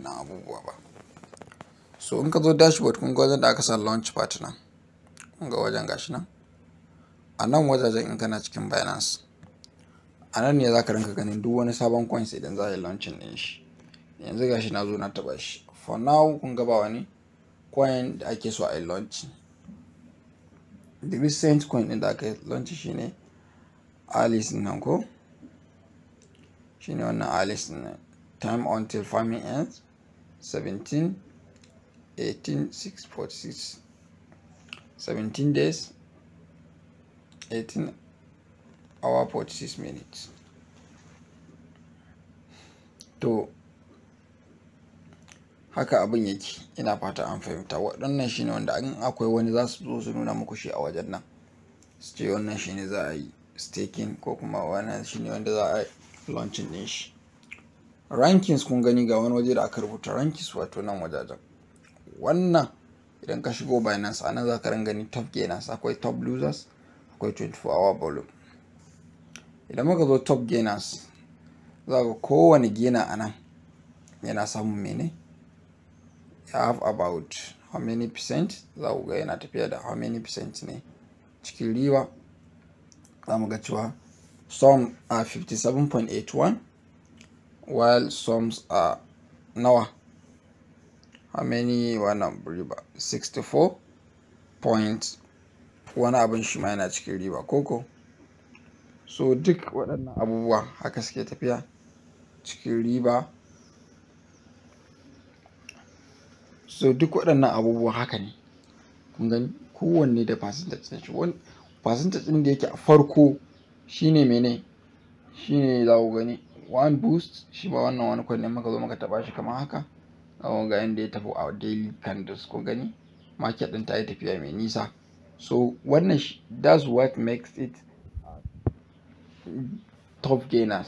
waɗannan abubuwa ba so in ka zo dashboard kun ga wajen da aka sa launch partner kun ga wajen gashi nan a nan wajajen in kana cikin binance a nan ne za ka rinka ganin duk wani sabon coins idan za a yi launching ɗin shi yanzu gashi na zo na taɓa shi for now kun ga ba wani coin da ake so a yi launch the recent coin ɗin da aka yi launch shi ne alice nan ko shi ne wannan alice nan time until farming ends 17 18 6 46 17 days 18 hour 46 minutes to haka abin yake ina fata an fahimta waɗannan shine wanda an akwai wani za su zo su nuna muku shi a wajen nan su ce wannan shine za a yi staking ko kuma wannan shine wanda za a yi launching din shi rankings kun gani ga wani waje da aka rubuta rankings wato nan wajajen wannan idan ka shigo binance anan za ka gani top gainers akwai top losers akwai 24 hour volume idan muka zo top gainers za ka kowane gainer anan yana samun mene ya have about how many percent za ku ga yana tafiya da how many percent ne cikin riba za mu ga cewa some a 57.81 while sums are nawa how many number riba 64 point wani abin shi ma yana cikin riba koko so duk waɗannan abubuwa haka suke tafiya cikin riba so duk waɗannan abubuwa haka ne kun gani kowanne da percentage ɗin shi wani percentage ɗin da yake a farko shine mene shine za ku gani one boost shi ba wannan wani kwan ne muka zo maka taba shi kamar haka awon ga inda ya tafi a daily candles ko gani market din ta yi tafiya mai nisa so wannan that's what makes it uh, top gainers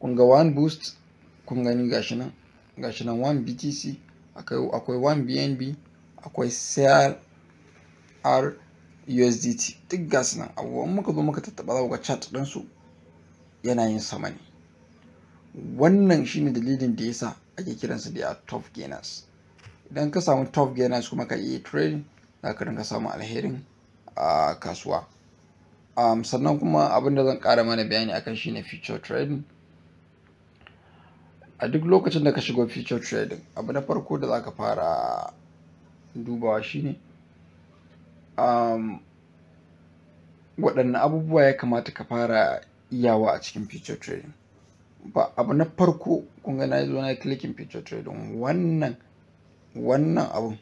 kun ga one boost kun gani gashi nan gashi nan one btc akwai one bnb akwai r usdt duk gasu nan abubuwan maka zo muka tattaba za ga chat ɗinsu yanayin sama ne wannan shine dalilin da yasa ake kiransa da a top gainers idan ka samu top gainers kuma ka yi trading za ka rinka samu alherin a kasuwa sannan kuma abin da zan kara mana bayani akan shine future trading a duk lokacin da ka shigo future trading abu na farko da za ka fara dubawa shine um, waɗanne abubuwa ya kamata ka fara iyawa a cikin future trading ba abu na farko kun ga na zo na clicking future trading wannan wannan abun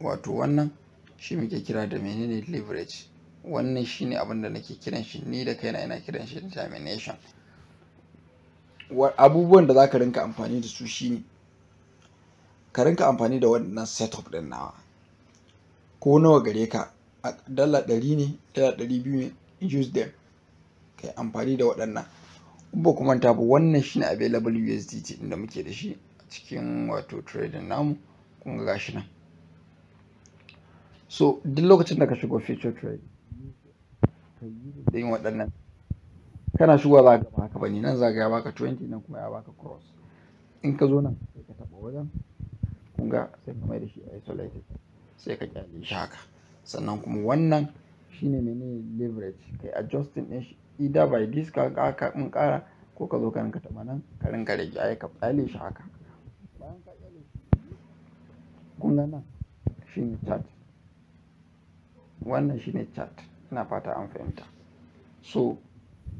wato wannan shi muke kira da menene leverage wannan shine abin da nake kiran shi ni da kaina ina kiran shi determination abubuwan da zaka rinka amfani da su shine ka rinka amfani da wannan setup din nawa ko nawa gare ka dala ɗari ne dala ɗari biyu ne use them kai amfani da waɗannan ba kuma ta ba wannan shine available USDT din da muke da shi a cikin wato trading namu kun ga gashi nan so duk lokacin da ka shigo future trade da yin waɗannan kana shigo za ka ba haka bane nan za ka ya baka 20 nan kuma ya baka cross in ka zo nan sai ka taba wajen kun ga sai ka mai da shi isolated sai ka kyale shi haka sannan kuma wannan shine mene leverage kai adjusting din shi either by this ka ka mun kara ko ka zo ka ranka taba nan ka ranka rage ai ka tsale shi haka bayan ka tsale shi kun ga nan shine chart wannan shine chart ina fata an fahimta so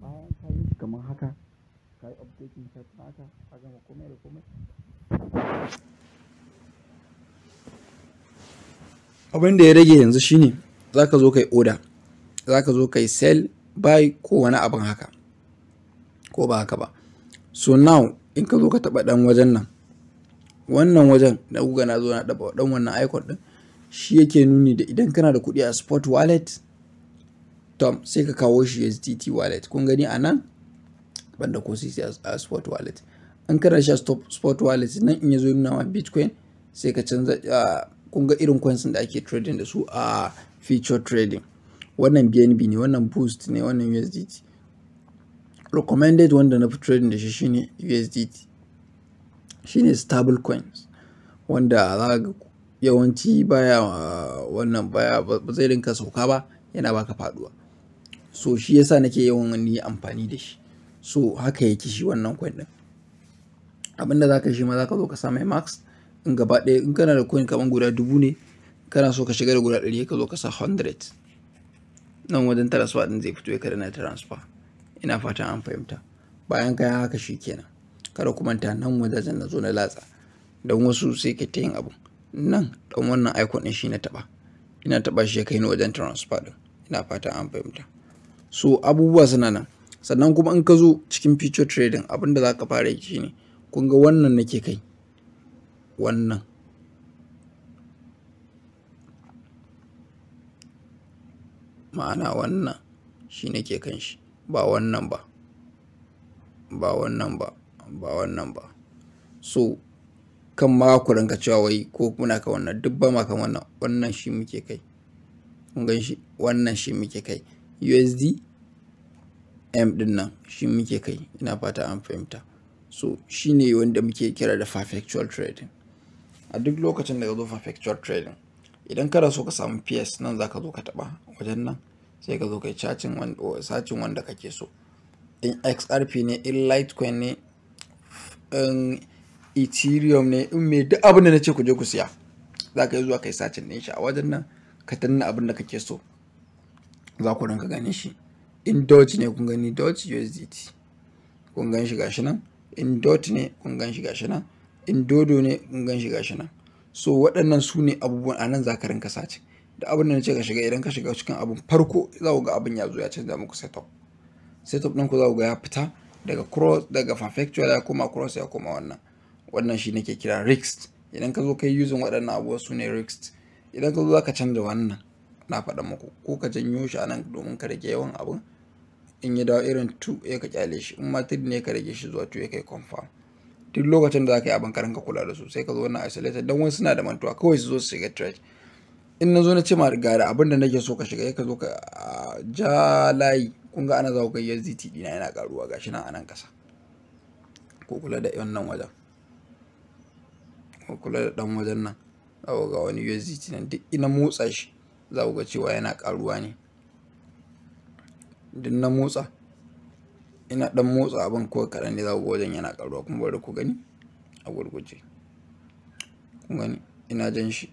bayan ka yi shi kamar haka ka yi updating chart na haka ka gama komai da komai abin da ya rage yanzu shine za ka zo ka yi oda za ka zo kai sell buy ko wani abin haka ko ba haka ba so now in ka zo ka taba dan wajen nan wannan wajen na guga na zo na taba dan wannan icon din shi yake nuni da idan kana da kuɗi a spot wallet tom sai ka kawo shi USDT wallet kun gani a nan banda ko sai a spot wallet an kana shi a spot wallet nan in ya zo nuna ma bitcoin sai ka canza ah, kun ga irin coins da ake trading da su a feature trading wannan bnb ne wannan boost ne wannan usdt recommended wanda na fi trading da shi shine usdt shine stable coins wanda za ka yawanci baya wannan baya ba zai rinka sauka ba yana baka faduwa so shi yasa nake yawan ni amfani da shi so haka yake shi wannan coin din abinda zaka shi ma zaka zo ka sa mai max in gaba ɗaya in kana da coin kaman guda dubu ne kana so ka shiga da guda ɗari ka zo ka sa 100 nan wajen transfer din zai fito ya kada na transfer ina fatan an fahimta bayan kayan haka shi kenan kada ku ta nan wajen na zo na latsa don wasu sai ka yin abu nan dan wannan aikon din shi na taba ina taba shi ya kai ni wajen transfer din ina fatan an fahimta so abubuwa suna nan sannan kuma in ka zo cikin future trading abinda za ka fara yi shine kun ga wannan nake kai wannan ma'ana wannan shi nake kan shi ba wannan ba ba wannan ba ba wannan ba so kan ma ku rinka cewa wai ko kuna ka wannan duk ba ma kan wannan wannan shi muke kai kun gan shi wannan shi muke kai USD M din nan shi muke kai ina fata an fahimta so shine wanda muke kira da perfectual trading a duk lokacin da ka zo perfectual trading idan kana so ka samu ps nan zaka zo ka taɓa wajen nan sai ka zo kai ka yi sacin wanda kake so in xrp ne in litecoin ne in ethereum ne in me duk abin da na ce ku je ku siya za yi zuwa kai yi sacin shi a wajen nan ka tanna abin da kake so za ku ranka gane shi in doge ne kun gani doge usdt kun gan shi gashi nan in dot ne kun gan shi gashi nan in dodo ne kun gan shi gashi nan so waɗannan su ne abubuwan a nan za ka rinka sace da abin da na ce ka shiga idan ka shiga cikin abin farko za ku ga abin ya zo ya canza muku setup setup ku za ku ga ya fita daga cross daga perfectual ya koma cross ya koma wannan wannan shi nake kira risk idan ka zo ka yi using waɗannan abubuwa su ne risk idan ka zo zaka canza wannan na faɗa muku ko ka janyo shi a nan domin ka rage yawan abun in ya dawo irin 2 ya ka kyale shi in ma 3 ne ka rage shi zuwa 2 ya kai confirm duk lokacin da za ka yi abin karin ka kula da su sai ka zo wannan isolated don wani suna da mantuwa kawai su zo su shiga church in na zo na ce ma ga da abin da nake so ka shiga ka zo ka ja layi kun ga ana za ku ga USDT dina yana karuwa gashi nan anan kasa ko kula da wannan wajen ko kula da dan wajen nan za ku ga wani USDT nan duk ina motsa shi za ku ga cewa yana karuwa ne duk na motsa ina dan motsa abin ko kaɗan ne za ku wajen yana ƙaruwa kuma bari ku gani a gurguje kun gani ina jan shi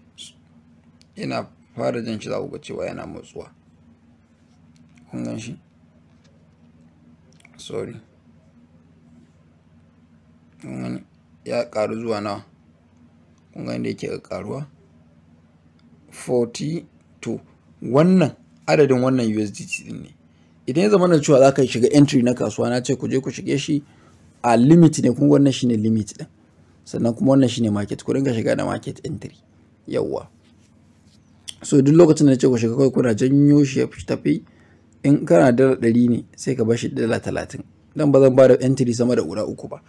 ina fara jan shi za ku ga cewa yana motsuwa kun gan shi sorry kun gani ya ƙaru zuwa nawa kun gani da yake ƙaruwa 42 wannan adadin wannan USDT din ne idan ya zama na cewa za ka shiga entry na kasuwa na ce ku je ku shige shi a limit ne kuma wannan shine limit din sannan kuma wannan shine market ku dinga shiga da market entry yawwa so duk lokacin da na ce ku shiga kawai kuna janyo shi ya tafi in kana dala ɗari ne sai ka bashi dala talatin dan ba zan ba da entry sama da guda uku ba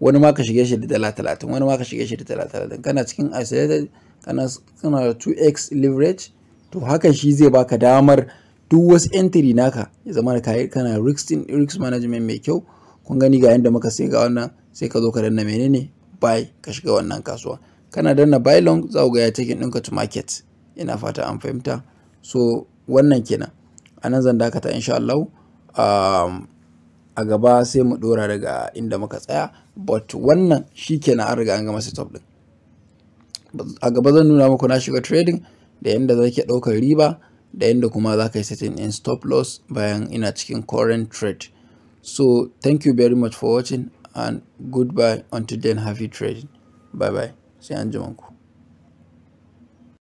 wani ma ka shige shi da dala talatin wani ma ka shige shi da dala talatin kana cikin isolated kana kana 2x leverage to hakan shi zai baka damar duk wasu entry naka ya zama da kayi kana risk risk management mai kyau kun gani ga yanda muka sai ga wannan sai ka zo ka danna menene buy ka shiga wannan kasuwa kana danna buy long za ku ga ya take ɗinka to market ina fata an fahimta so wannan kenan a nan zan dakata insha Allah um, a gaba sai mu dora daga inda muka tsaya but wannan shi kenan an riga an gama setup din a gaba zan nuna muku na shiga trading da yadda ke ɗaukar riba da inda kuma za ka yi setting in stop loss bayan ina cikin current trade so thank you very much for watching and goodbye until then happy trading bye bye sai an ku